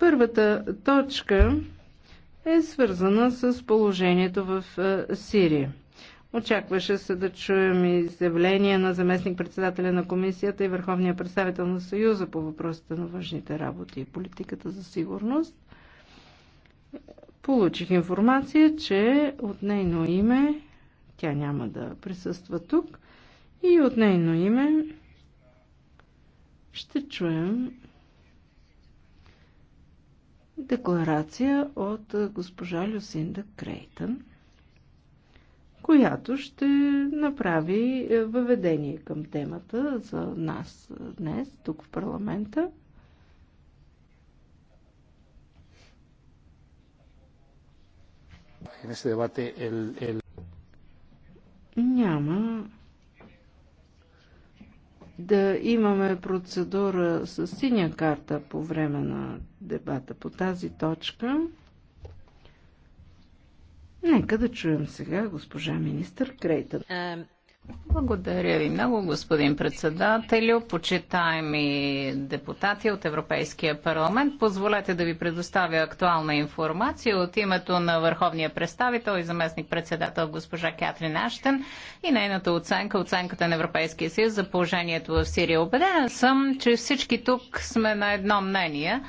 Първата точка е свързана с положението в е, Сирия. Очакваше се да чуем изявление на заместник-председателя на комисията и върховния представител на Съюза по въпросите на външните работи и политиката за сигурност. Получих информация, че от нейно име тя няма да присъства тук и от нейно име ще чуем декларация от госпожа Люсинда Крейтън, която ще направи въведение към темата за нас днес, тук в парламента. Няма да имаме процедура с синя карта по време на дебата по тази точка. Нека да чуем сега госпожа министър Крейтън. Благодаря ви много, господин председателю. Почитаеми депутати от Европейския парламент, позволете да ви предоставя актуална информация от името на върховния представител и заместник председател госпожа Кятрин Аштен и нейната оценка, оценката на Европейския съюз за положението в Сирия. Обедена съм, че всички тук сме на едно мнение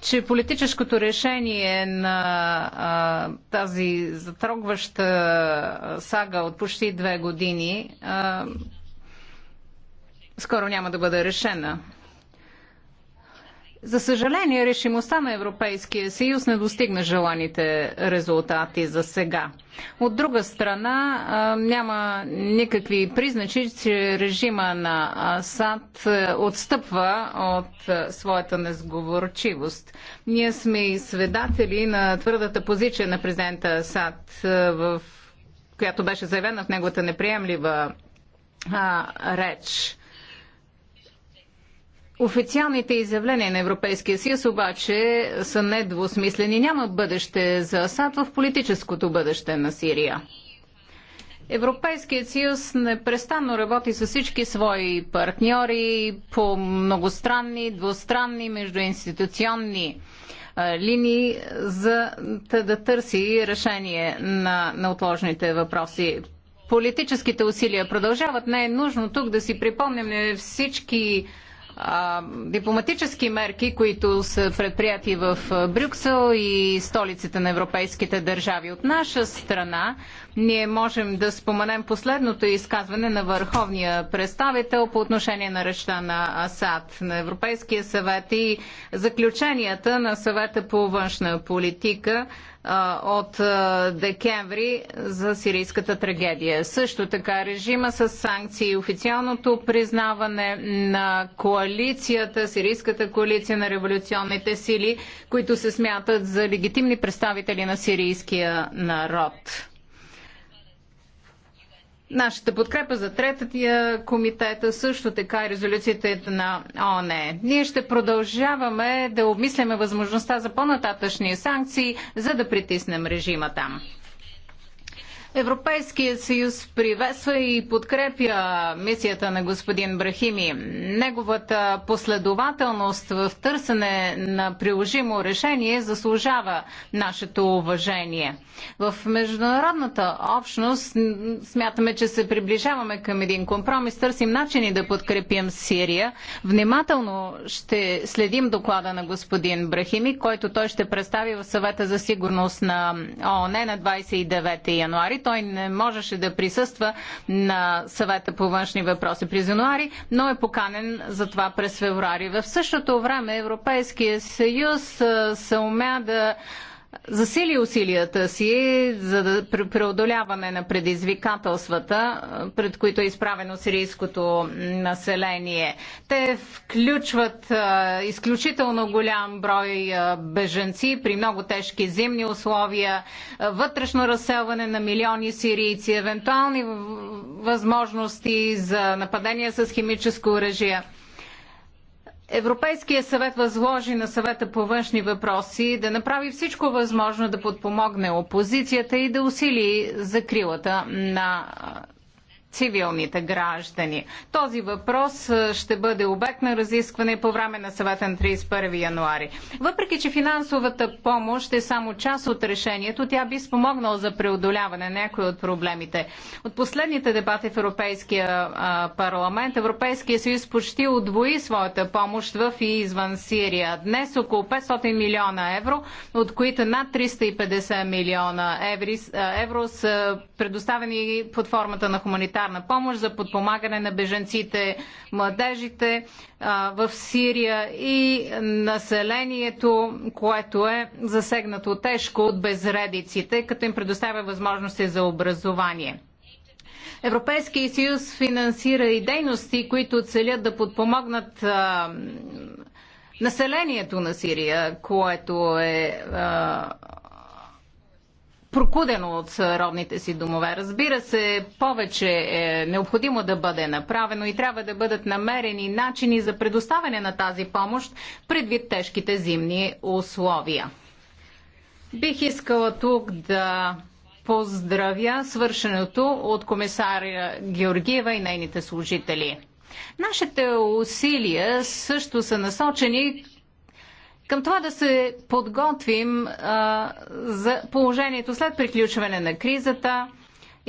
че политическото решение на а, тази затрогваща сага от почти две години а, скоро няма да бъде решена. За съжаление, решимостта на Европейския съюз не достигна желаните резултати за сега. От друга страна, няма никакви призначи, че режима на Асад отстъпва от своята незговорчивост. Ние сме и свидатели на твърдата позиция на президента Асад, в която беше заявена в неговата неприемлива реч Официалните изявления на Европейския съюз обаче са недвусмислени. Няма бъдеще за Асад в политическото бъдеще на Сирия. Европейският съюз непрестанно работи с всички свои партньори по многостранни, двустранни, междуинституционни линии, за да търси решение на неотложните въпроси. Политическите усилия продължават. Не е нужно тук да си припомняме всички дипломатически мерки, които са предприяти в Брюксел и столиците на европейските държави. От наша страна ние можем да споменем последното изказване на върховния представител по отношение на речта на Асад на Европейския съвет и заключенията на съвета по външна политика от декември за сирийската трагедия. Също така режима с санкции и официалното признаване на коалицията, сирийската коалиция на революционните сили, които се смятат за легитимни представители на сирийския народ. Нашата подкрепа за третия комитета, също така и резолюциите на ОНЕ. Ние ще продължаваме да обмисляме възможността за по-нататъчни санкции, за да притиснем режима там. Европейският съюз приветства и подкрепя мисията на господин Брахими. Неговата последователност в търсене на приложимо решение заслужава нашето уважение. В международната общност смятаме, че се приближаваме към един компромис, търсим начини да подкрепим Сирия. Внимателно ще следим доклада на господин Брахими, който той ще представи в съвета за сигурност на ООН на 29 януари. Той не можеше да присъства на съвета по външни въпроси през януари, но е поканен за това през февруари. В същото време Европейския съюз се умя да засили усилията си за да преодоляване на предизвикателствата, пред които е изправено сирийското население. Те включват изключително голям брой беженци при много тежки зимни условия, вътрешно разселване на милиони сирийци, евентуални възможности за нападения с химическо оръжие. Европейския съвет възложи на съвета по външни въпроси да направи всичко възможно да подпомогне опозицията и да усили закрилата на цивилните граждани. Този въпрос ще бъде обект на разискване по време на съвета на 31 януари. Въпреки, че финансовата помощ е само част от решението, тя би спомогнала за преодоляване на някои от проблемите. От последните дебати в Европейския парламент, Европейския съюз почти удвои своята помощ в и извън Сирия. Днес около 500 милиона евро, от които над 350 милиона евро са предоставени под формата на хуманитарна хуманитарна помощ за подпомагане на беженците, младежите а, в Сирия и населението, което е засегнато тежко от безредиците, като им предоставя възможности за образование. Европейския съюз финансира и дейности, които целят да подпомогнат а, населението на Сирия, което е а, прокудено от родните си домове. Разбира се, повече е необходимо да бъде направено и трябва да бъдат намерени начини за предоставяне на тази помощ предвид тежките зимни условия. Бих искала тук да поздравя свършеното от комисаря Георгиева и нейните служители. Нашите усилия също са насочени към това да се подготвим а, за положението след приключване на кризата,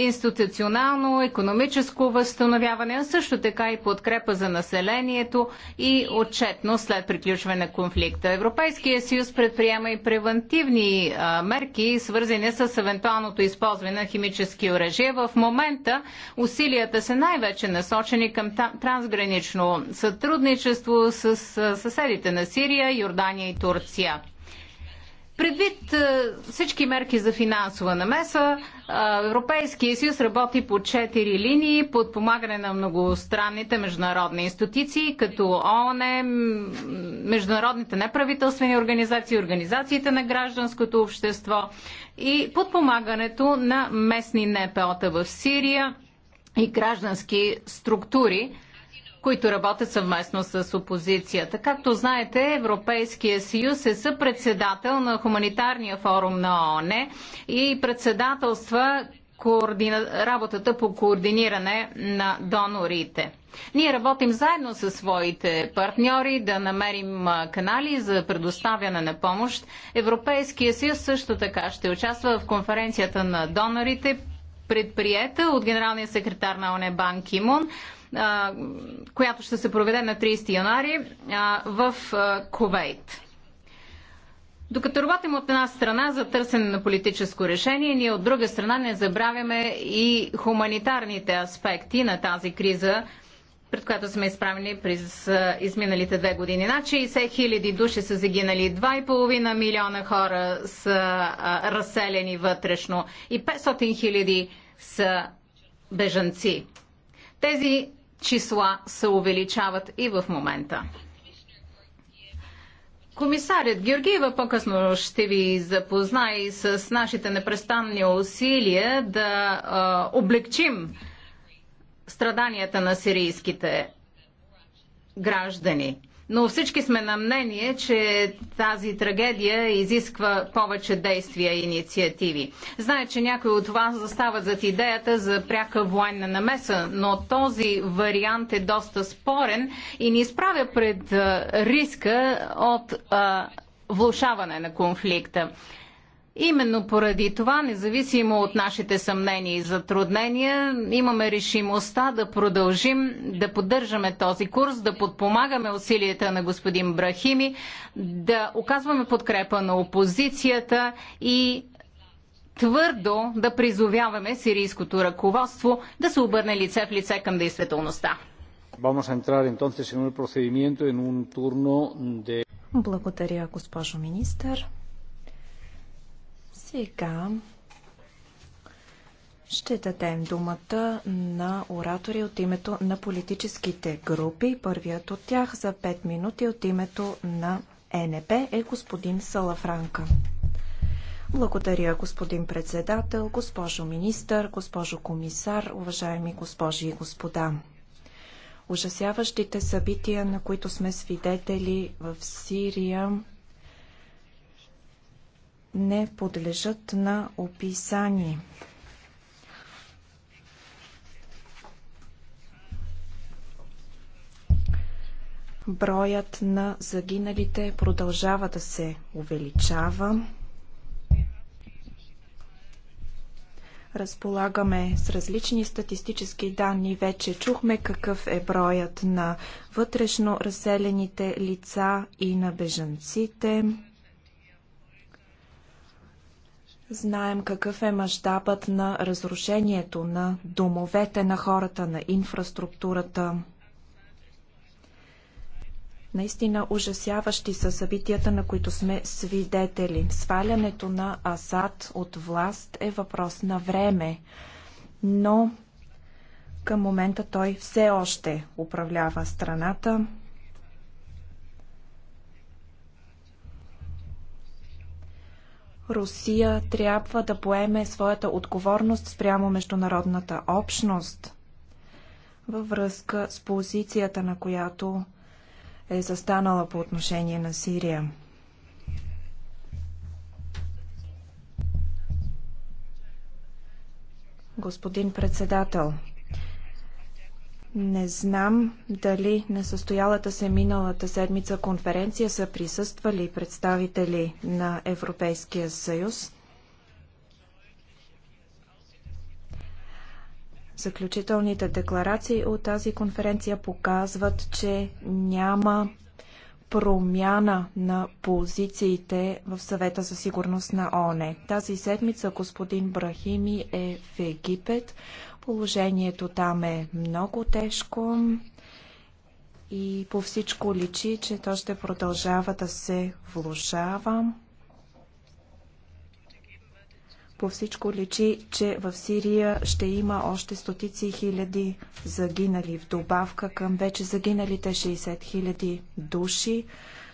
институционално, економическо възстановяване, а също така и подкрепа за населението и отчетно след приключване на конфликта. Европейския съюз предприема и превентивни мерки, свързани с евентуалното използване на химически оръжия. В момента усилията са най-вече насочени към трансгранично сътрудничество с съседите на Сирия, Йордания и Турция. Предвид е, всички мерки за финансова намеса, е, Европейския съюз работи по четири линии подпомагане на многостранните международни институции, като ООН, международните неправителствени организации, организациите на гражданското общество и подпомагането на местни НПО-та в Сирия и граждански структури които работят съвместно с опозицията. Както знаете, Европейския съюз е съпредседател на Хуманитарния форум на ООН и председателства координа... работата по координиране на донорите. Ние работим заедно със своите партньори да намерим канали за предоставяне на помощ. Европейския съюз също така ще участва в конференцията на донорите, предприета от генералния секретар на ОНЕ Бан Кимун която ще се проведе на 30 януари в Ковейт. Докато работим от една страна за търсене на политическо решение, ние от друга страна не забравяме и хуманитарните аспекти на тази криза, пред която сме изправени през изминалите две години. Над значи 60 хиляди души са загинали, 2,5 милиона хора са а, разселени вътрешно и 500 хиляди са бежанци. Тези числа се увеличават и в момента. Комисарят Георгиева по-късно ще ви запозна и с нашите непрестанни усилия да а, облегчим страданията на сирийските граждани. Но всички сме на мнение, че тази трагедия изисква повече действия и инициативи. Знае, че някои от вас застават зад идеята за пряка военна намеса, но този вариант е доста спорен и ни изправя пред риска от а, влушаване на конфликта. Именно поради това, независимо от нашите съмнения и затруднения, имаме решимостта да продължим да поддържаме този курс, да подпомагаме усилията на господин Брахими, да оказваме подкрепа на опозицията и твърдо да призовяваме сирийското ръководство да се обърне лице в лице към действителността. Благодаря, госпожо министър. Сега ще дадем думата на оратори от името на политическите групи. Първият от тях за 5 минути от името на ЕНП е господин Салафранка. Благодаря, господин председател, госпожо министър, госпожо комисар, уважаеми госпожи и господа. Ужасяващите събития, на които сме свидетели в Сирия, не подлежат на описание. Броят на загиналите продължава да се увеличава. разполагаме с различни статистически данни. Вече чухме какъв е броят на вътрешно разселените лица и на бежанците. Знаем какъв е мащабът на разрушението на домовете на хората, на инфраструктурата. Наистина ужасяващи са събитията, на които сме свидетели. Свалянето на Асад от власт е въпрос на време, но към момента той все още управлява страната. Русия трябва да поеме своята отговорност спрямо международната общност във връзка с позицията, на която е застанала по отношение на Сирия. Господин председател, не знам дали на състоялата се миналата седмица конференция са присъствали представители на Европейския съюз. Заключителните декларации от тази конференция показват, че няма промяна на позициите в съвета за сигурност на ООН. Тази седмица господин Брахими е в Египет. Положението там е много тежко и по всичко личи, че то ще продължава да се влушава. По всичко личи, че в Сирия ще има още стотици хиляди загинали в добавка към вече загиналите 60 хиляди души.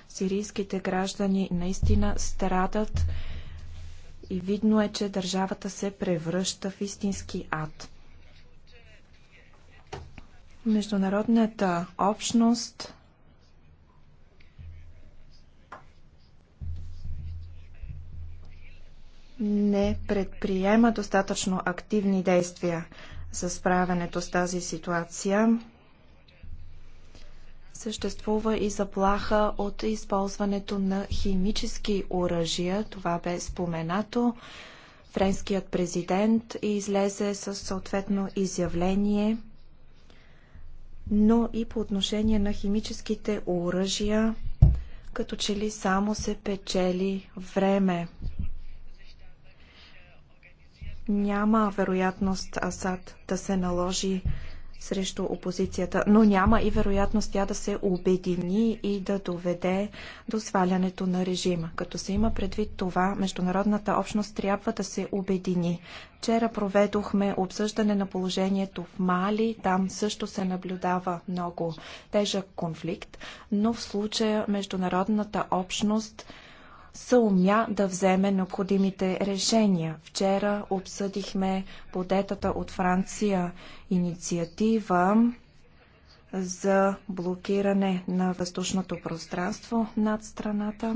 Сирийските граждани наистина страдат и видно е, че държавата се превръща в истински ад. Международната общност не предприема достатъчно активни действия за справянето с тази ситуация. Съществува и заплаха от използването на химически оръжия. Това бе споменато. Френският президент излезе със съответно изявление – но и по отношение на химическите оръжия, като че ли само се печели време. Няма вероятност Асад да се наложи срещу опозицията, но няма и вероятност тя да се обедини и да доведе до свалянето на режима. Като се има предвид това, международната общност трябва да се обедини. Вчера проведохме обсъждане на положението в Мали. Там също се наблюдава много тежък конфликт, но в случая международната общност съумя да вземе необходимите решения. Вчера обсъдихме подетата от Франция инициатива за блокиране на въздушното пространство над страната.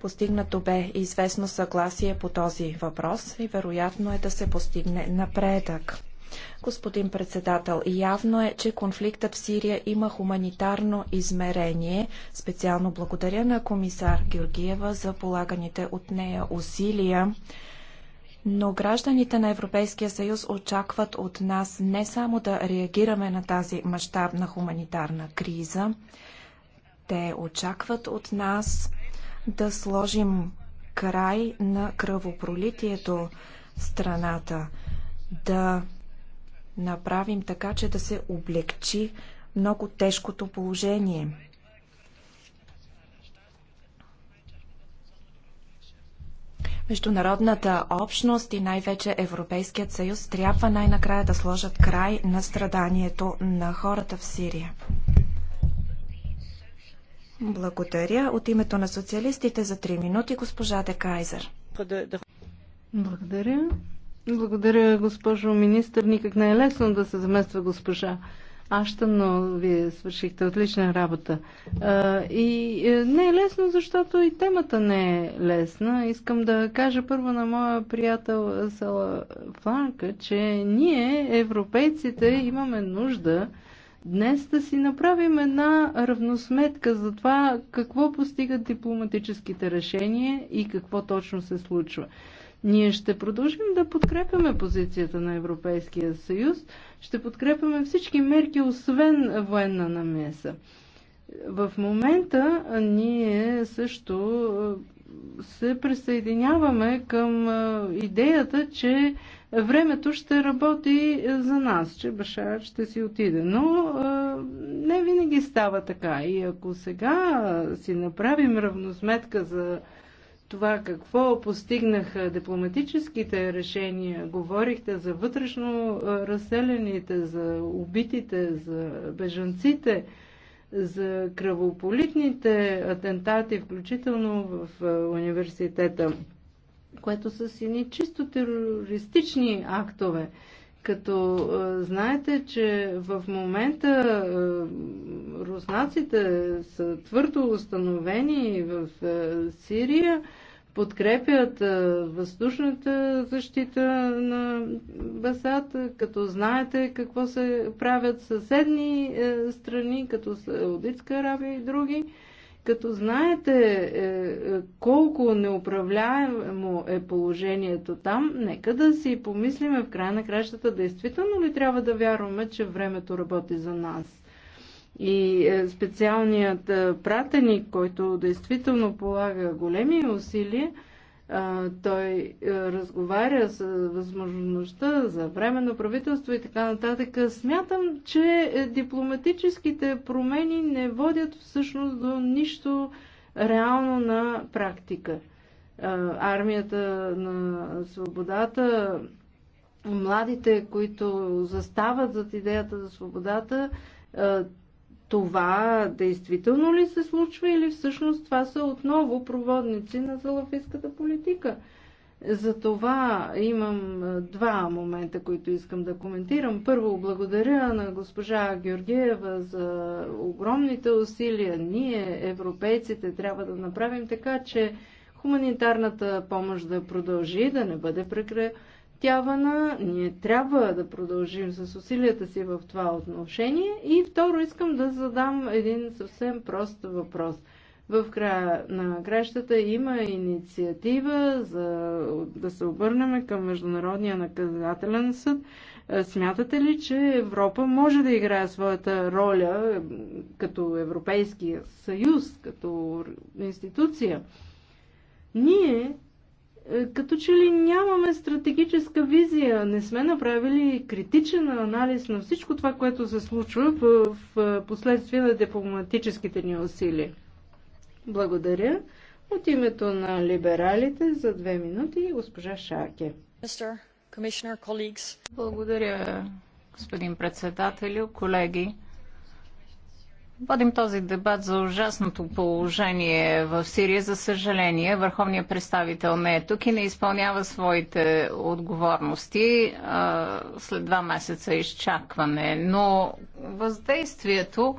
Постигнато бе известно съгласие по този въпрос и вероятно е да се постигне напредък. Господин председател, явно е, че конфликтът в Сирия има хуманитарно измерение. Специално благодаря на комисар Георгиева за полаганите от нея усилия. Но гражданите на Европейския съюз очакват от нас не само да реагираме на тази мащабна хуманитарна криза, те очакват от нас да сложим край на кръвопролитието в страната, да направим така, че да се облегчи много тежкото положение. Международната общност и най-вече Европейският съюз трябва най-накрая да сложат край на страданието на хората в Сирия. Благодаря. От името на социалистите за 3 минути госпожа Декайзер. Благодаря. Благодаря, госпожо министр. Никак не е лесно да се замества госпожа Аща, но вие свършихте отлична работа. И е, не е лесно, защото и темата не е лесна. Искам да кажа първо на моя приятел Сала Фланка, че ние, европейците, имаме нужда днес да си направим една равносметка за това какво постигат дипломатическите решения и какво точно се случва. Ние ще продължим да подкрепяме позицията на Европейския съюз, ще подкрепяме всички мерки, освен военна намеса. В момента ние също се присъединяваме към идеята, че времето ще работи за нас, че Башар ще си отиде. Но не винаги става така. И ако сега си направим равносметка за това какво постигнаха дипломатическите решения, говорихте за вътрешно разселените, за убитите, за бежанците, за кръвополитните атентати, включително в университета, което са сини чисто терористични актове като знаете, че в момента руснаците са твърдо установени в Сирия, подкрепят въздушната защита на Басад, като знаете какво се правят съседни страни, като Саудитска Арабия и други. Като знаете е, е, колко неуправляемо е положението там, нека да си помислиме в края на кращата, действително ли трябва да вярваме, че времето работи за нас. И е, специалният пратеник, който действително полага големи усилия, той е, разговаря с възможността за временно правителство и така нататък. Смятам, че е, дипломатическите промени не водят всъщност до нищо реално на практика. Армията на свободата, младите, които застават зад идеята за свободата, това действително ли се случва или всъщност това са отново проводници на салафистската политика? За това имам два момента, които искам да коментирам. Първо, благодаря на госпожа Георгиева за огромните усилия. Ние, европейците, трябва да направим така, че хуманитарната помощ да продължи, да не бъде прекратена тявана. Ние трябва да продължим с усилията си в това отношение. И второ, искам да задам един съвсем прост въпрос. В края на кращата има инициатива за да се обърнем към Международния наказателен съд. Е, смятате ли, че Европа може да играе своята роля като Европейския съюз, като институция? Ние е, като че ли нямаме стратегическа визия, не сме направили критичен анализ на всичко това, което се случва в, в последствие на дипломатическите ни усилия. Благодаря. От името на либералите за две минути госпожа Шаке. Благодаря, господин председателю, колеги. Водим този дебат за ужасното положение в Сирия. За съжаление, върховният представител не е тук и не изпълнява своите отговорности а, след два месеца изчакване. Но въздействието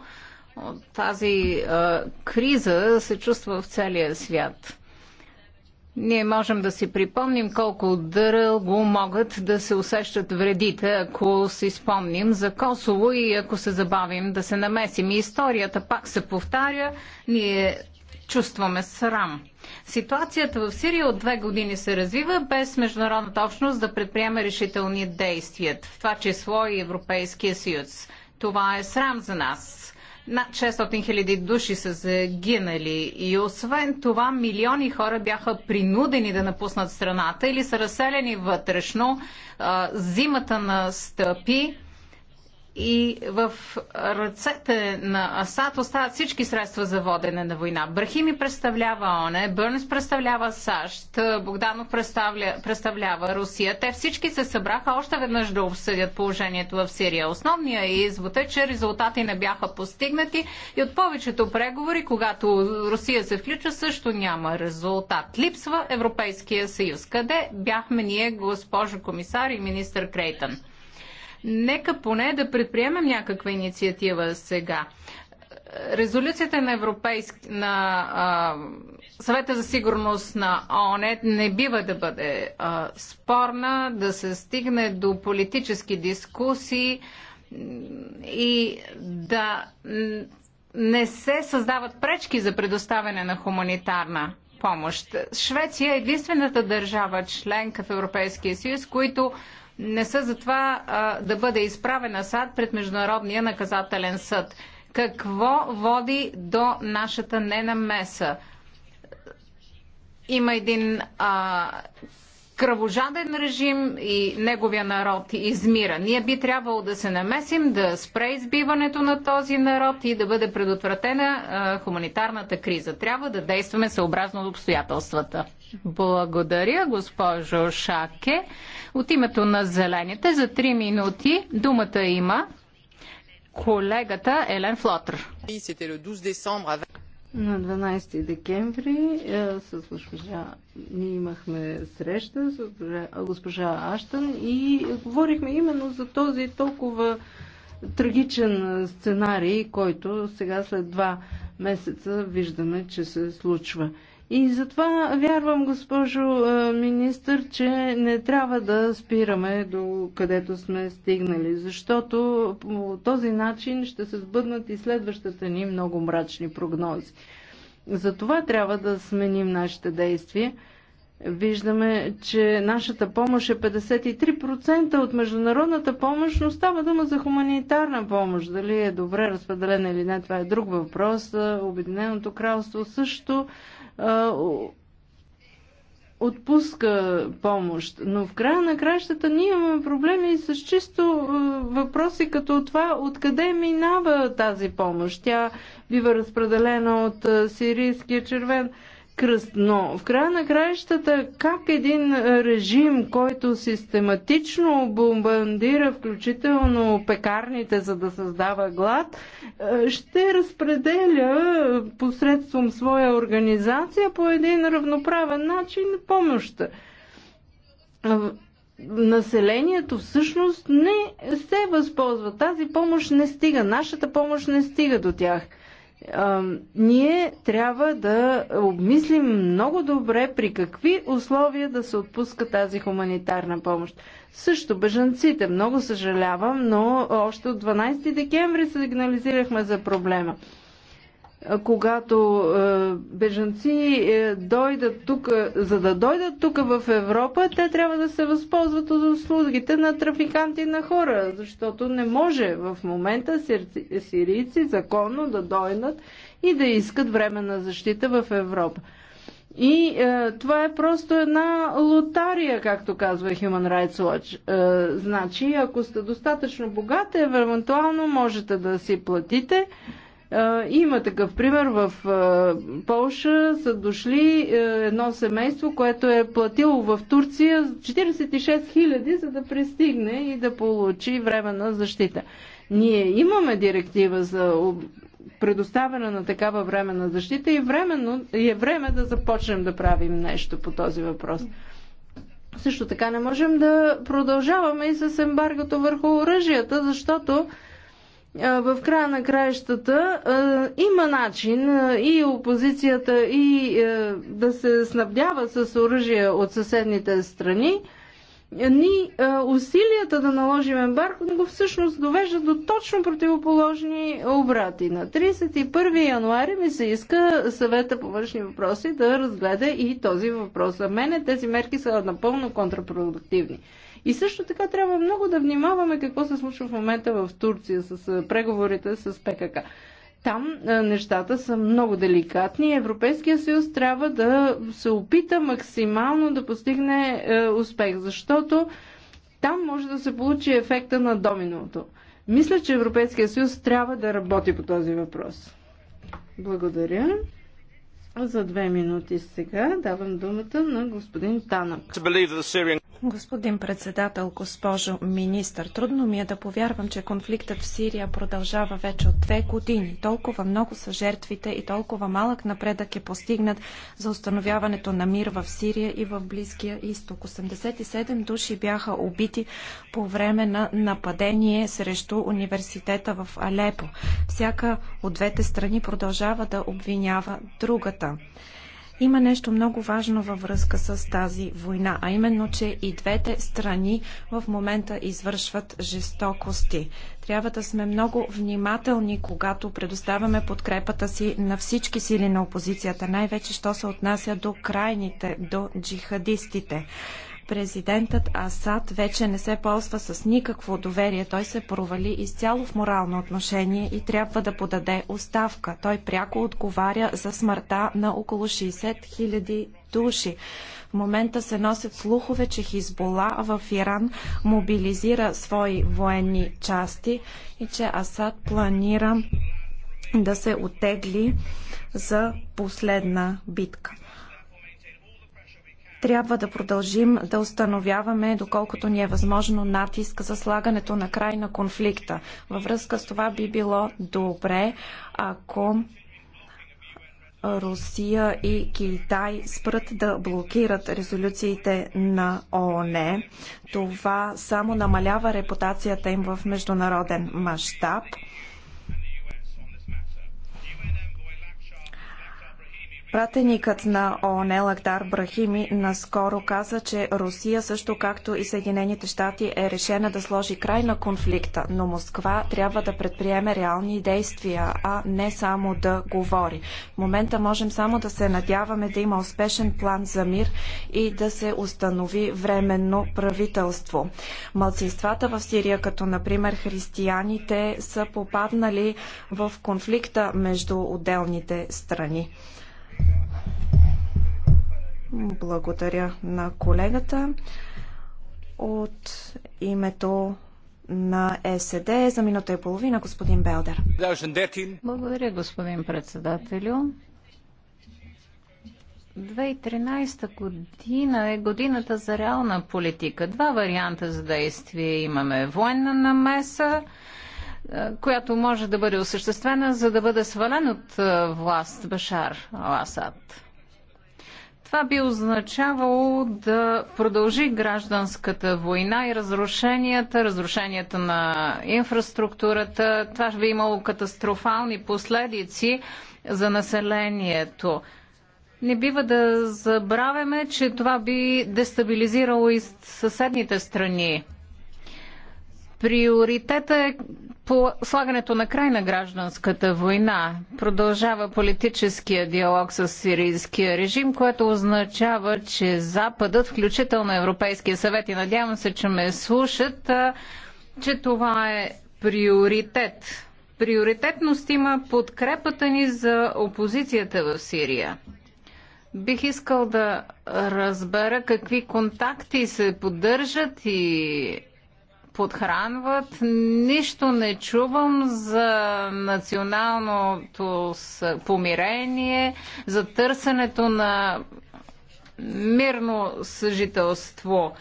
от тази а, криза се чувства в целия свят. Ние можем да си припомним колко дълго могат да се усещат вредите, ако си спомним за Косово и ако се забавим да се намесим. И историята пак се повтаря. Ние чувстваме срам. Ситуацията в Сирия от две години се развива без международната общност да предприеме решителни действия, в това число и Европейския съюз. Това е срам за нас. Над 600 хиляди души са загинали и освен това милиони хора бяха принудени да напуснат страната или са разселени вътрешно. Зимата настъпи и в ръцете на Асад остават всички средства за водене на война. Брахими представлява ОНЕ, Бърнс представлява САЩ, Богданов представля, представлява Русия. Те всички се събраха още веднъж да обсъдят положението в Сирия. Основният извод е, че резултати не бяха постигнати и от повечето преговори, когато Русия се включва, също няма резултат. Липсва Европейския съюз. Къде бяхме ние, госпожо комисар и министър Крейтън? нека поне да предприемем някаква инициатива сега. Резолюцията на, Европейск... на а, съвета за сигурност на ООН не бива да бъде а, спорна, да се стигне до политически дискусии и да не се създават пречки за предоставяне на хуманитарна помощ. Швеция е единствената държава членка в Европейския съюз, които не са за това а, да бъде изправен Асад пред Международния наказателен съд. Какво води до нашата ненамеса? Има един а, кръвожаден режим и неговия народ измира. Ние би трябвало да се намесим, да спре избиването на този народ и да бъде предотвратена а, хуманитарната криза. Трябва да действаме съобразно обстоятелствата. Благодаря, госпожо Шаке. От името на Зелените за 3 минути думата има колегата Елен Флотър. На 12 декември е, с госпожа ние имахме среща с госпожа Аштън и говорихме именно за този толкова трагичен сценарий, който сега след два месеца виждаме, че се случва. И затова вярвам, госпожо е, министър, че не трябва да спираме до където сме стигнали, защото по този начин ще се сбъднат и следващата ни много мрачни прогнози. Затова трябва да сменим нашите действия. Виждаме, че нашата помощ е 53% от международната помощ, но става дума за хуманитарна помощ. Дали е добре разпределена или не, това е друг въпрос. Обединеното кралство също отпуска помощ, но в края на кращата ние имаме проблеми с чисто въпроси като това откъде минава тази помощ. Тя бива разпределена от Сирийския червен кръст. Но в края на краищата, как един режим, който систематично бомбандира включително пекарните, за да създава глад, е, ще разпределя посредством своя организация по един равноправен начин помощта? Е, населението всъщност не се възползва. Тази помощ не стига, нашата помощ не стига до тях ние трябва да обмислим много добре при какви условия да се отпуска тази хуманитарна помощ. Също бежанците, много съжалявам, но още от 12 декември сигнализирахме за проблема когато е, бежанци е, дойдат тук, за да дойдат тук в Европа, те трябва да се възползват от услугите на трафиканти на хора, защото не може в момента сирийци законно да дойдат и да искат временна защита в Европа. И е, това е просто една лотария, както казва Human Rights Watch. Е, значи, ако сте достатъчно богати, евентуално можете да си платите има такъв пример в Полша. Са дошли едно семейство, което е платило в Турция 46 000, за да пристигне и да получи временна защита. Ние имаме директива за предоставяне на такава времена защита и, временно, и е време да започнем да правим нещо по този въпрос. Също така не можем да продължаваме и с ембаргото върху оръжията, защото в края на краищата има начин и опозицията и е, да се снабдява с оръжие от съседните страни. Ни е, усилията да наложим ембарго всъщност довежда до точно противоположни обрати. На 31 януари ми се иска съвета по външни въпроси да разгледа и този въпрос. За мен тези мерки са напълно контрапродуктивни. И също така трябва много да внимаваме какво се случва в момента в Турция с преговорите с ПКК. Там нещата са много деликатни. Европейския съюз трябва да се опита максимално да постигне е, успех, защото там може да се получи ефекта на доминото. Мисля, че Европейския съюз трябва да работи по този въпрос. Благодаря. За две минути сега давам думата на господин Танък. Господин председател, госпожо министър, трудно ми е да повярвам, че конфликтът в Сирия продължава вече от две години. Толкова много са жертвите и толкова малък напредък е постигнат за установяването на мир в Сирия и в Близкия изток. 87 души бяха убити по време на нападение срещу университета в Алепо. Всяка от двете страни продължава да обвинява другата. Има нещо много важно във връзка с тази война, а именно, че и двете страни в момента извършват жестокости. Трябва да сме много внимателни, когато предоставяме подкрепата си на всички сили на опозицията, най-вече, що се отнася до крайните, до джихадистите президентът Асад вече не се ползва с никакво доверие. Той се провали изцяло в морално отношение и трябва да подаде оставка. Той пряко отговаря за смъртта на около 60 000 души. В момента се носят слухове, че Хизбола в Иран мобилизира свои военни части и че Асад планира да се отегли за последна битка трябва да продължим да установяваме, доколкото ни е възможно, натиск за слагането на край на конфликта. Във връзка с това би било добре, ако Русия и Китай спрат да блокират резолюциите на ООН. Това само намалява репутацията им в международен мащаб. Пратеникът на ООН Лакдар Брахими наскоро каза, че Русия също както и Съединените щати е решена да сложи край на конфликта, но Москва трябва да предприеме реални действия, а не само да говори. В момента можем само да се надяваме да има успешен план за мир и да се установи временно правителство. Малцинствата в Сирия, като например християните, са попаднали в конфликта между отделните страни. Благодаря на колегата. От името на ЕСД за минута и половина, господин Белдер. Благодаря, господин председателю. 2013 година е годината за реална политика. Два варианта за действие имаме. Военна намеса, е, която може да бъде осъществена, за да бъде свален от е, власт Башар Асад това би означавало да продължи гражданската война и разрушенията, разрушенията на инфраструктурата. Това би имало катастрофални последици за населението. Не бива да забравяме, че това би дестабилизирало и съседните страни. Приоритета е по слагането на край на гражданската война. Продължава политическия диалог с сирийския режим, което означава, че Западът, включително Европейския съвет и надявам се, че ме слушат, че това е приоритет. Приоритетност има подкрепата ни за опозицията в Сирия. Бих искал да разбера какви контакти се поддържат и подхранват. Нищо не чувам за националното помирение, за търсенето на мирно съжителство.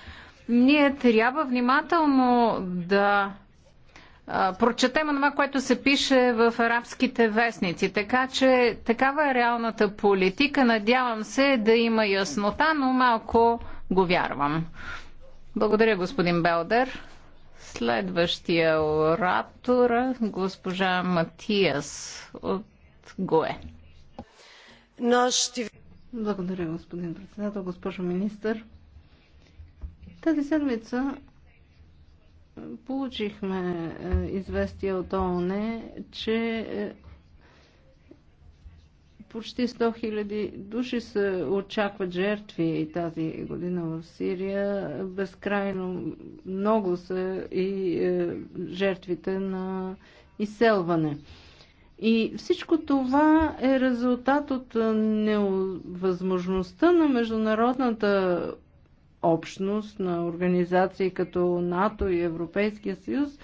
Ние трябва внимателно да прочетем това, което се пише в арабските вестници. Така че такава е реалната политика. Надявам се да има яснота, но малко го вярвам. Благодаря, господин Белдер. Следващия оратор госпожа Матиас от ГОЕ. Благодаря, господин председател, госпожо министър. Тази седмица получихме е, известие от ООН, че е, почти 100 хиляди души се очакват жертви тази година в Сирия. Безкрайно много са и е, жертвите на изселване. И всичко това е резултат от е, невъзможността на международната общност, на организации като НАТО и Европейския съюз –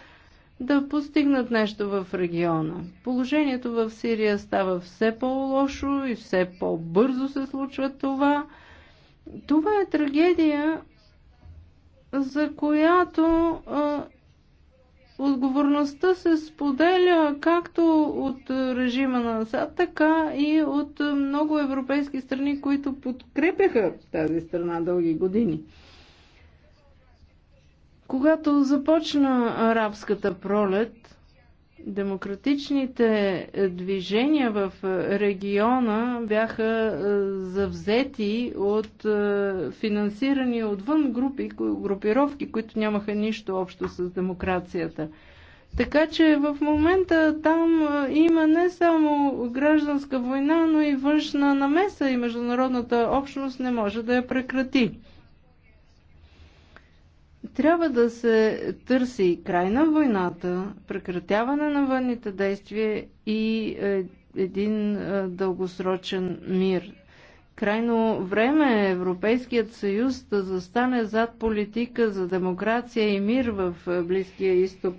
да постигнат нещо в региона. Положението в Сирия става все по-лошо и все по-бързо се случва това. Това е трагедия, за която а, отговорността се споделя както от режима на Асад, така и от много европейски страни, които подкрепяха тази страна дълги години. Когато започна арабската пролет, демократичните движения в региона бяха е, завзети от е, финансирани отвън групи, групировки, които нямаха нищо общо с демокрацията. Така че в момента там е, има не само гражданска война, но и външна намеса и международната общност не може да я прекрати. Трябва да се търси край на войната, прекратяване на военните действия и е, един е, дългосрочен мир. Крайно време е Европейският съюз да застане зад политика за демокрация и мир в е, Близкия изток,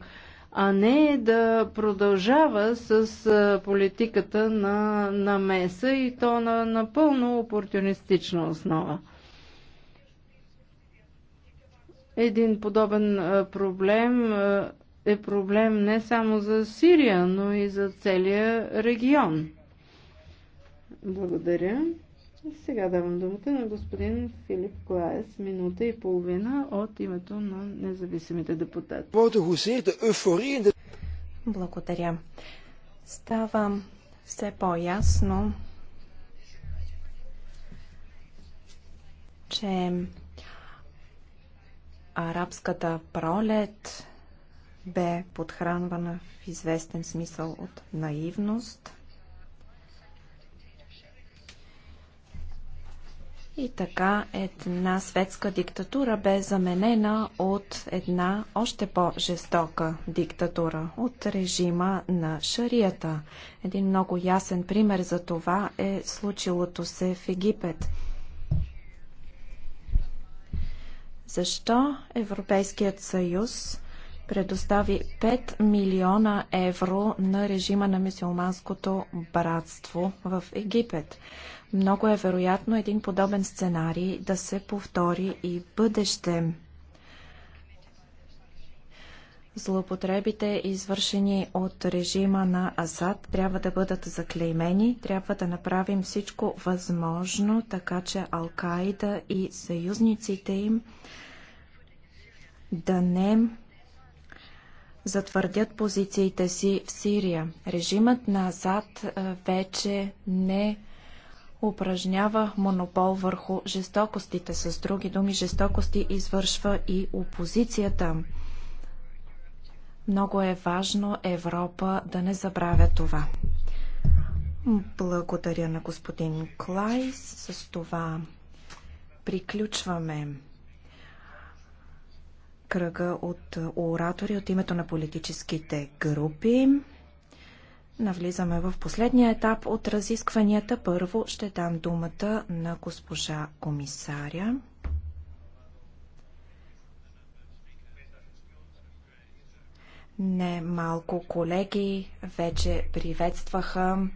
а не да продължава с политиката на намеса и то на напълно опортунистична основа. Един подобен проблем е проблем не само за Сирия, но и за целия регион. Благодаря. Сега давам думата на господин Филип Клаес, минута и половина от името на независимите депутати. Благодаря. Става все по-ясно, че арабската пролет бе подхранвана в известен смисъл от наивност. И така една светска диктатура бе заменена от една още по-жестока диктатура от режима на шарията. Един много ясен пример за това е случилото се в Египет – Защо Европейският съюз предостави 5 милиона евро на режима на мисулманското братство в Египет? Много е вероятно един подобен сценарий да се повтори и бъдеще. Злоупотребите, извършени от режима на Асад, трябва да бъдат заклеймени. Трябва да направим всичко възможно, така че Ал-Каида и съюзниците им да не затвърдят позициите си в Сирия. Режимът на Асад вече не упражнява монопол върху жестокостите. С други думи, жестокости извършва и опозицията. Много е важно Европа да не забравя това. Благодаря на господин Клайс. С това приключваме кръга от оратори от името на политическите групи. Навлизаме в последния етап от разискванията. Първо ще дам думата на госпожа комисаря. Не малко колеги вече приветстваха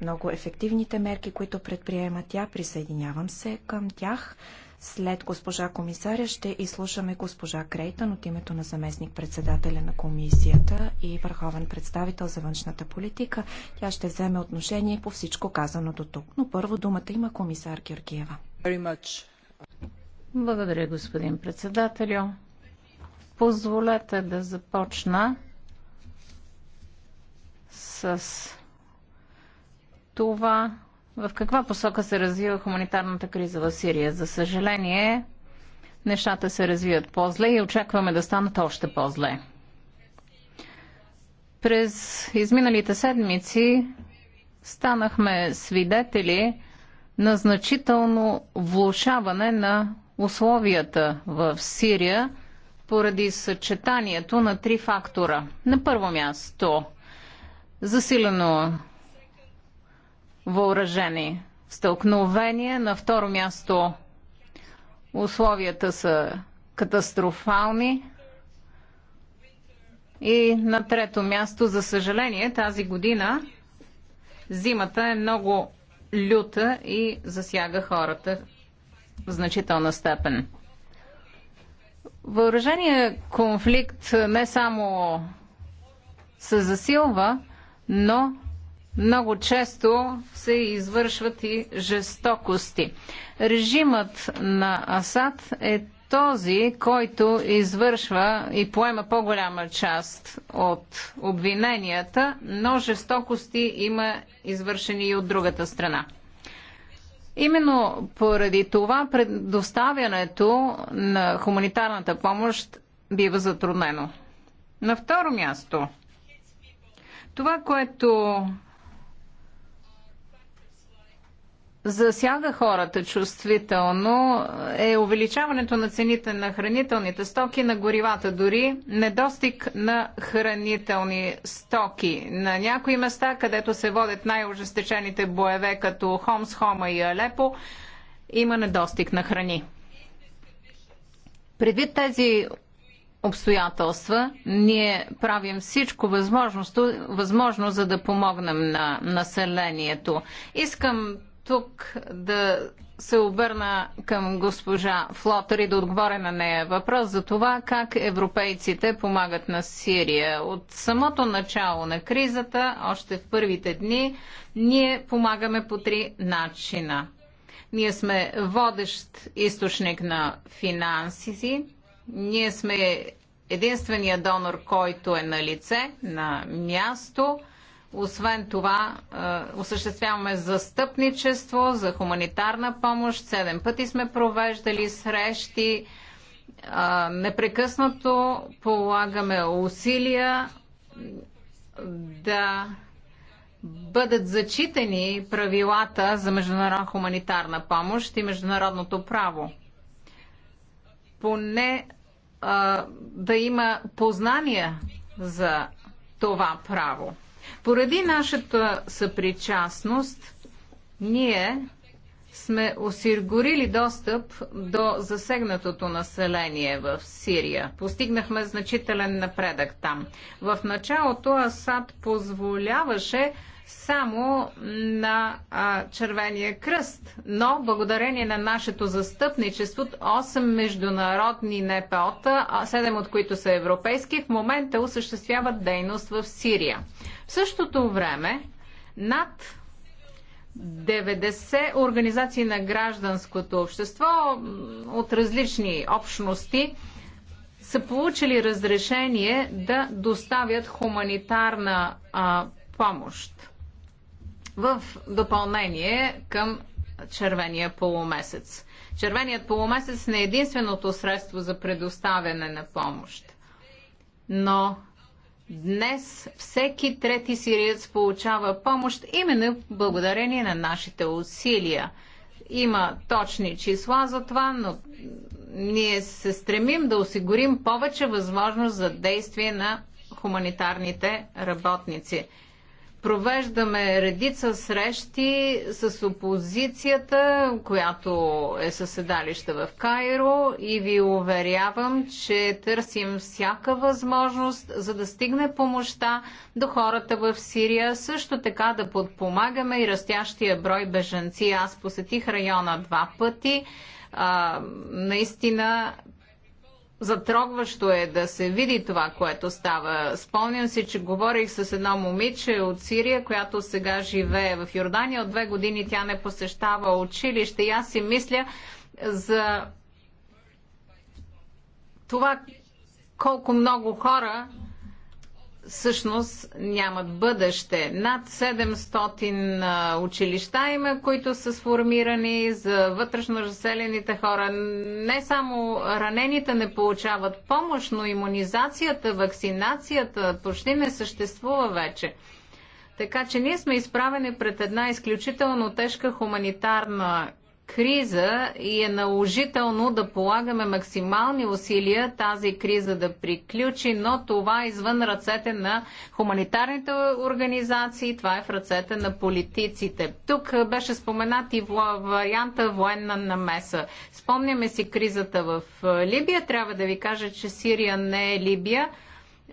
много ефективните мерки, които предприема тя. Присъединявам се към тях. След госпожа комисаря ще изслушаме госпожа Крейтън от името на заместник председателя на комисията и върховен представител за външната политика. Тя ще вземе отношение по всичко казано до тук. Но първо думата има комисар Георгиева. Благодаря, господин председателю. Позволете да започна с това в каква посока се развива хуманитарната криза в Сирия. За съжаление, нещата се развиват по-зле и очакваме да станат още по-зле. През изминалите седмици станахме свидетели на значително влушаване на условията в Сирия – поради съчетанието на три фактора. На първо място засилено въоръжени стълкновения, На второ място условията са катастрофални. И на трето място, за съжаление, тази година зимата е много люта и засяга хората в значителна степен. Въоръжения конфликт не само се засилва, но много често се извършват и жестокости. Режимът на Асад е този, който извършва и поема по-голяма част от обвиненията, но жестокости има извършени и от другата страна. Именно поради това предоставянето на хуманитарната помощ бива затруднено. На второ място, това, което засяга хората чувствително е увеличаването на цените на хранителните стоки, на горивата, дори недостиг на хранителни стоки. На някои места, където се водят най-ожестечените боеве, като Хомс, Хома и Алепо, има недостиг на храни. Предвид тези обстоятелства, ние правим всичко възможно, възможно за да помогнем на населението. Искам тук да се обърна към госпожа Флотър и да отговоря на нея въпрос за това как европейците помагат на Сирия. От самото начало на кризата, още в първите дни, ние помагаме по три начина. Ние сме водещ източник на финанси, ние сме единствения донор, който е на лице, на място – освен това, е, осъществяваме застъпничество за хуманитарна помощ. Седем пъти сме провеждали срещи. Е, непрекъснато полагаме усилия да бъдат зачитани правилата за международна хуманитарна помощ и международното право. Поне а, е, да има познания за това право. Поради нашата съпричастност, ние сме осигурили достъп до засегнатото население в Сирия. Постигнахме значителен напредък там. В началото Асад позволяваше само на а, Червения кръст, но благодарение на нашето застъпничество, 8 международни НПО-та, 7 от които са европейски, в момента осъществяват дейност в Сирия. В същото време над 90 организации на гражданското общество от различни общности са получили разрешение да доставят хуманитарна а, помощ в допълнение към червения полумесец. Червеният полумесец не е единственото средство за предоставяне на помощ, но Днес всеки трети сириец получава помощ именно благодарение на нашите усилия. Има точни числа за това, но ние се стремим да осигурим повече възможност за действие на хуманитарните работници провеждаме редица срещи с опозицията, която е със седалище в Кайро и ви уверявам, че търсим всяка възможност, за да стигне помощта до хората в Сирия, също така да подпомагаме и растящия брой бежанци. Аз посетих района два пъти. А, наистина Затрогващо е да се види това, което става. Спомням си, че говорих с едно момиче от Сирия, която сега живее в Йордания. От две години тя не посещава училище. И аз си мисля за това колко много хора всъщност нямат бъдеще. Над 700 училища има, които са сформирани за вътрешно заселените хора. Не само ранените не получават помощ, но иммунизацията, вакцинацията почти не съществува вече. Така че ние сме изправени пред една изключително тежка хуманитарна криза и е наложително да полагаме максимални усилия тази криза да приключи, но това е извън ръцете на хуманитарните организации, това е в ръцете на политиците. Тук беше споменат и варианта военна намеса. Спомняме си кризата в Либия. Трябва да ви кажа, че Сирия не е Либия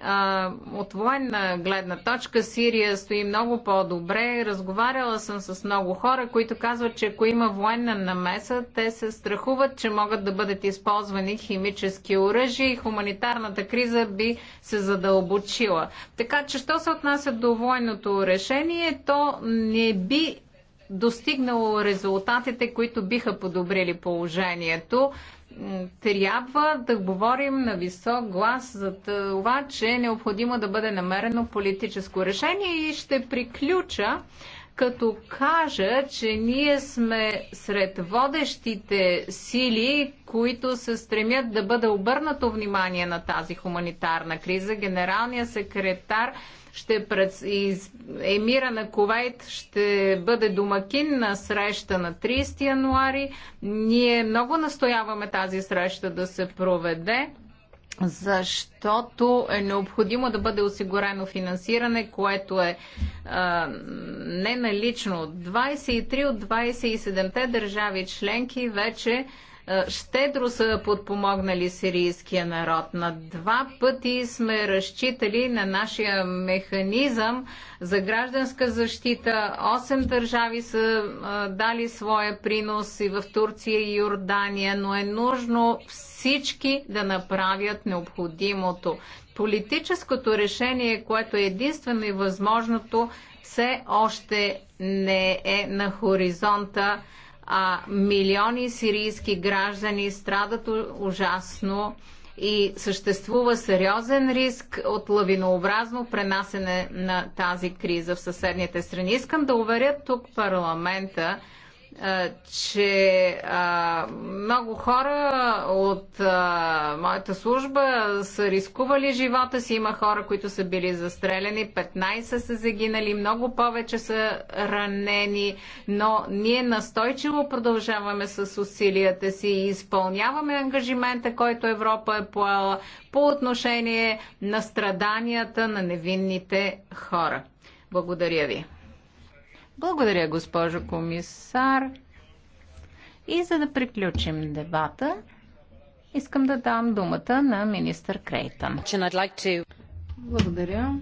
а, от военна гледна точка Сирия стои много по-добре. Разговаряла съм с много хора, които казват, че ако има военна намеса, те се страхуват, че могат да бъдат използвани химически оръжия и хуманитарната криза би се задълбочила. Така че, що се отнася до военното решение, то не би достигнало резултатите, които биха подобрили положението трябва да говорим на висок глас за това, че е необходимо да бъде намерено политическо решение и ще приключа като кажа, че ние сме сред водещите сили, които се стремят да бъде обърнато внимание на тази хуманитарна криза. Генералният секретар ще пред... из... емира на Ковайт ще бъде домакин на среща на 30 януари. Ние много настояваме тази среща да се проведе защото е необходимо да бъде осигурено финансиране, което е неналично. 23 от 27-те държави членки вече е, щедро са подпомогнали сирийския народ. На два пъти сме разчитали на нашия механизъм за гражданска защита. Осем държави са е, дали своя принос и в Турция и Йордания, но е нужно всички да направят необходимото. Политическото решение, което е единствено и възможното, все още не е на хоризонта а, милиони сирийски граждани страдат ужасно и съществува сериозен риск от лавинообразно пренасене на тази криза в съседните страни. Искам да уверя тук парламента, че а, много хора от а, моята служба са рискували живота си. Има хора, които са били застреляни, 15 са загинали, много повече са ранени, но ние настойчиво продължаваме с усилията си и изпълняваме ангажимента, който Европа е поела по отношение на страданията на невинните хора. Благодаря ви. Благодаря, госпожо комисар. И за да приключим дебата, искам да дам думата на министър Крейтън. Благодаря.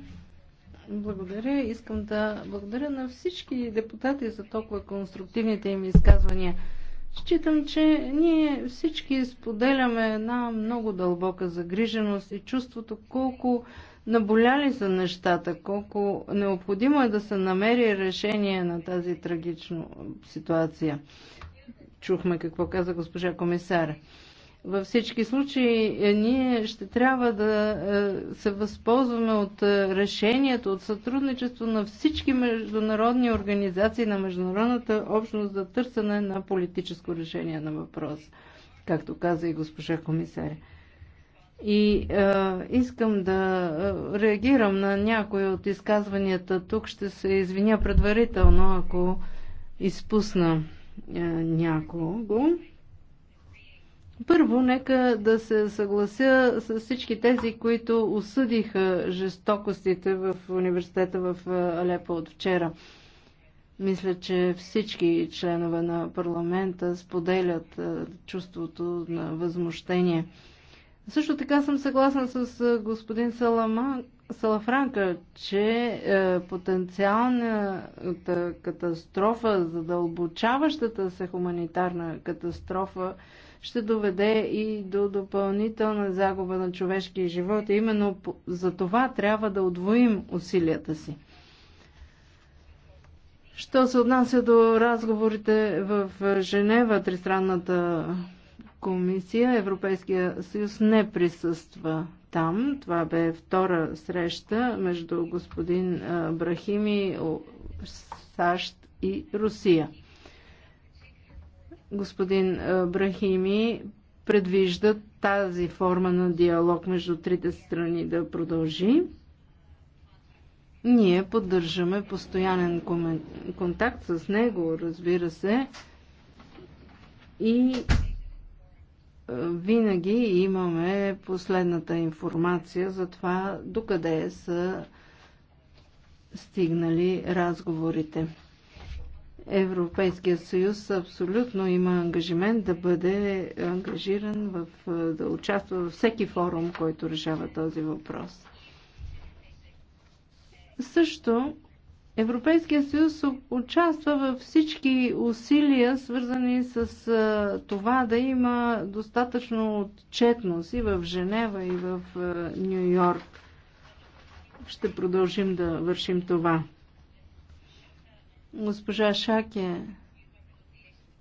Благодаря. Искам да благодаря на всички депутати за толкова конструктивните им изказвания. Считам, че ние всички споделяме една много дълбока загриженост и чувството колко наболяли са нещата, колко необходимо е да се намери решение на тази трагична ситуация. Чухме какво каза госпожа комисаря. Във всички случаи е, ние ще трябва да е, се възползваме от е, решението, от сътрудничество на всички международни организации на международната общност за търсене на политическо решение на въпроса, както каза и госпожа комисаря. И а, е, искам да е, реагирам на някои от изказванията тук. Ще се извиня предварително, ако изпусна а, е, някого. Първо, нека да се съглася с всички тези, които осъдиха жестокостите в университета в е, Алепа от вчера. Мисля, че всички членове на парламента споделят е, чувството на възмущение – също така съм съгласна с господин Салама, Салафранка, че е, потенциалната катастрофа, задълбочаващата се хуманитарна катастрофа, ще доведе и до допълнителна загуба на човешки живот. Именно за това трябва да отвоим усилията си. Що се отнася до разговорите в е, Женева, тристранната комисия Европейския съюз не присъства там. Това бе втора среща между господин Брахими, САЩ и Русия. Господин Брахими предвижда тази форма на диалог между трите страни да продължи. Ние поддържаме постоянен контакт с него, разбира се, и винаги имаме последната информация за това докъде са стигнали разговорите. Европейският съюз абсолютно има ангажимент да бъде ангажиран в, да участва във всеки форум, който решава този въпрос. Също Европейския съюз участва във всички усилия, свързани с това да има достатъчно отчетност и в Женева, и в Нью Йорк. Ще продължим да вършим това. Госпожа Шаке,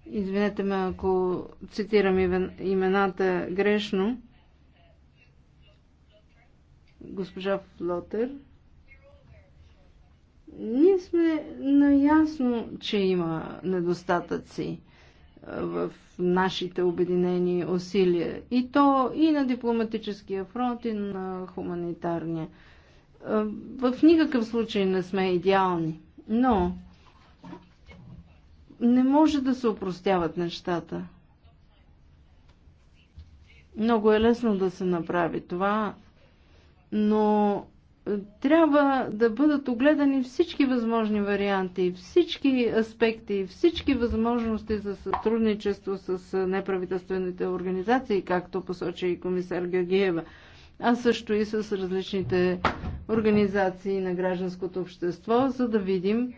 извинете ме, ако цитирам имената грешно. Госпожа Флотер. Ние сме наясно, че има недостатъци е, в нашите обединени усилия. И то и на дипломатическия фронт, и на хуманитарния. Е, в никакъв случай не сме идеални, но не може да се упростяват нещата. Много е лесно да се направи това, но трябва да бъдат огледани всички възможни варианти, всички аспекти, всички възможности за сътрудничество с неправителствените организации, както посочи и комисар Георгиева, а също и с различните организации на гражданското общество, за да видим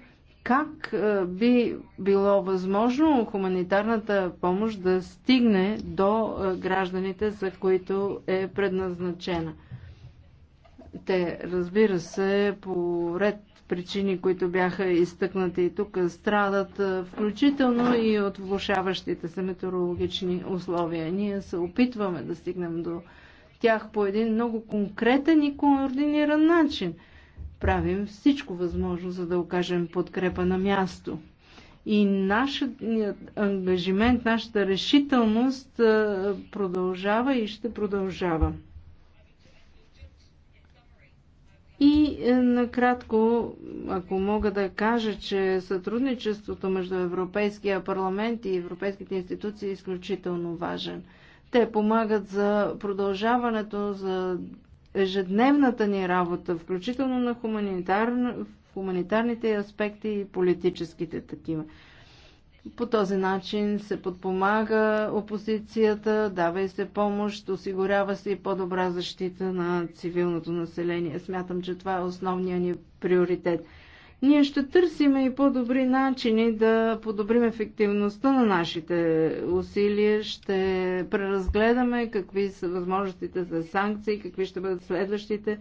как би било възможно хуманитарната помощ да стигне до гражданите, за които е предназначена. Те, разбира се, по ред причини, които бяха изтъкнати и тук, страдат включително и от влушаващите се метеорологични условия. Ние се опитваме да стигнем до тях по един много конкретен и координиран начин. Правим всичко възможно, за да окажем подкрепа на място. И нашият ангажимент, нашата решителност продължава и ще продължава. Е, накратко, ако мога да кажа, че сътрудничеството между Европейския парламент и европейските институции е изключително важен. Те помагат за продължаването, за ежедневната ни работа, включително на хуманитарните аспекти и политическите такива. По този начин се подпомага опозицията, дава и се помощ, осигурява се и по-добра защита на цивилното население. Смятам, че това е основният ни приоритет. Ние ще търсиме и по-добри начини да подобрим ефективността на нашите усилия, ще преразгледаме какви са възможностите за санкции, какви ще бъдат следващите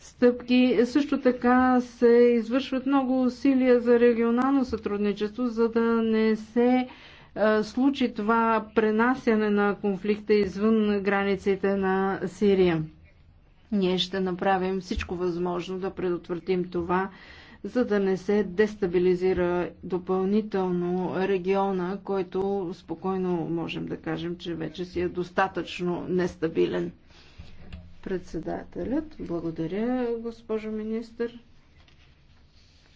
стъпки. Също така се извършват много усилия за регионално сътрудничество, за да не се случи това пренасяне на конфликта извън границите на Сирия. Ние ще направим всичко възможно да предотвратим това, за да не се дестабилизира допълнително региона, който спокойно можем да кажем, че вече си е достатъчно нестабилен. Председателят, благодаря, госпожо министър.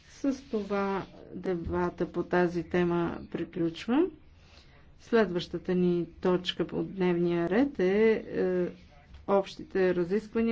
С това дебата по тази тема приключва. Следващата ни точка по дневния ред е, е общите разисквания.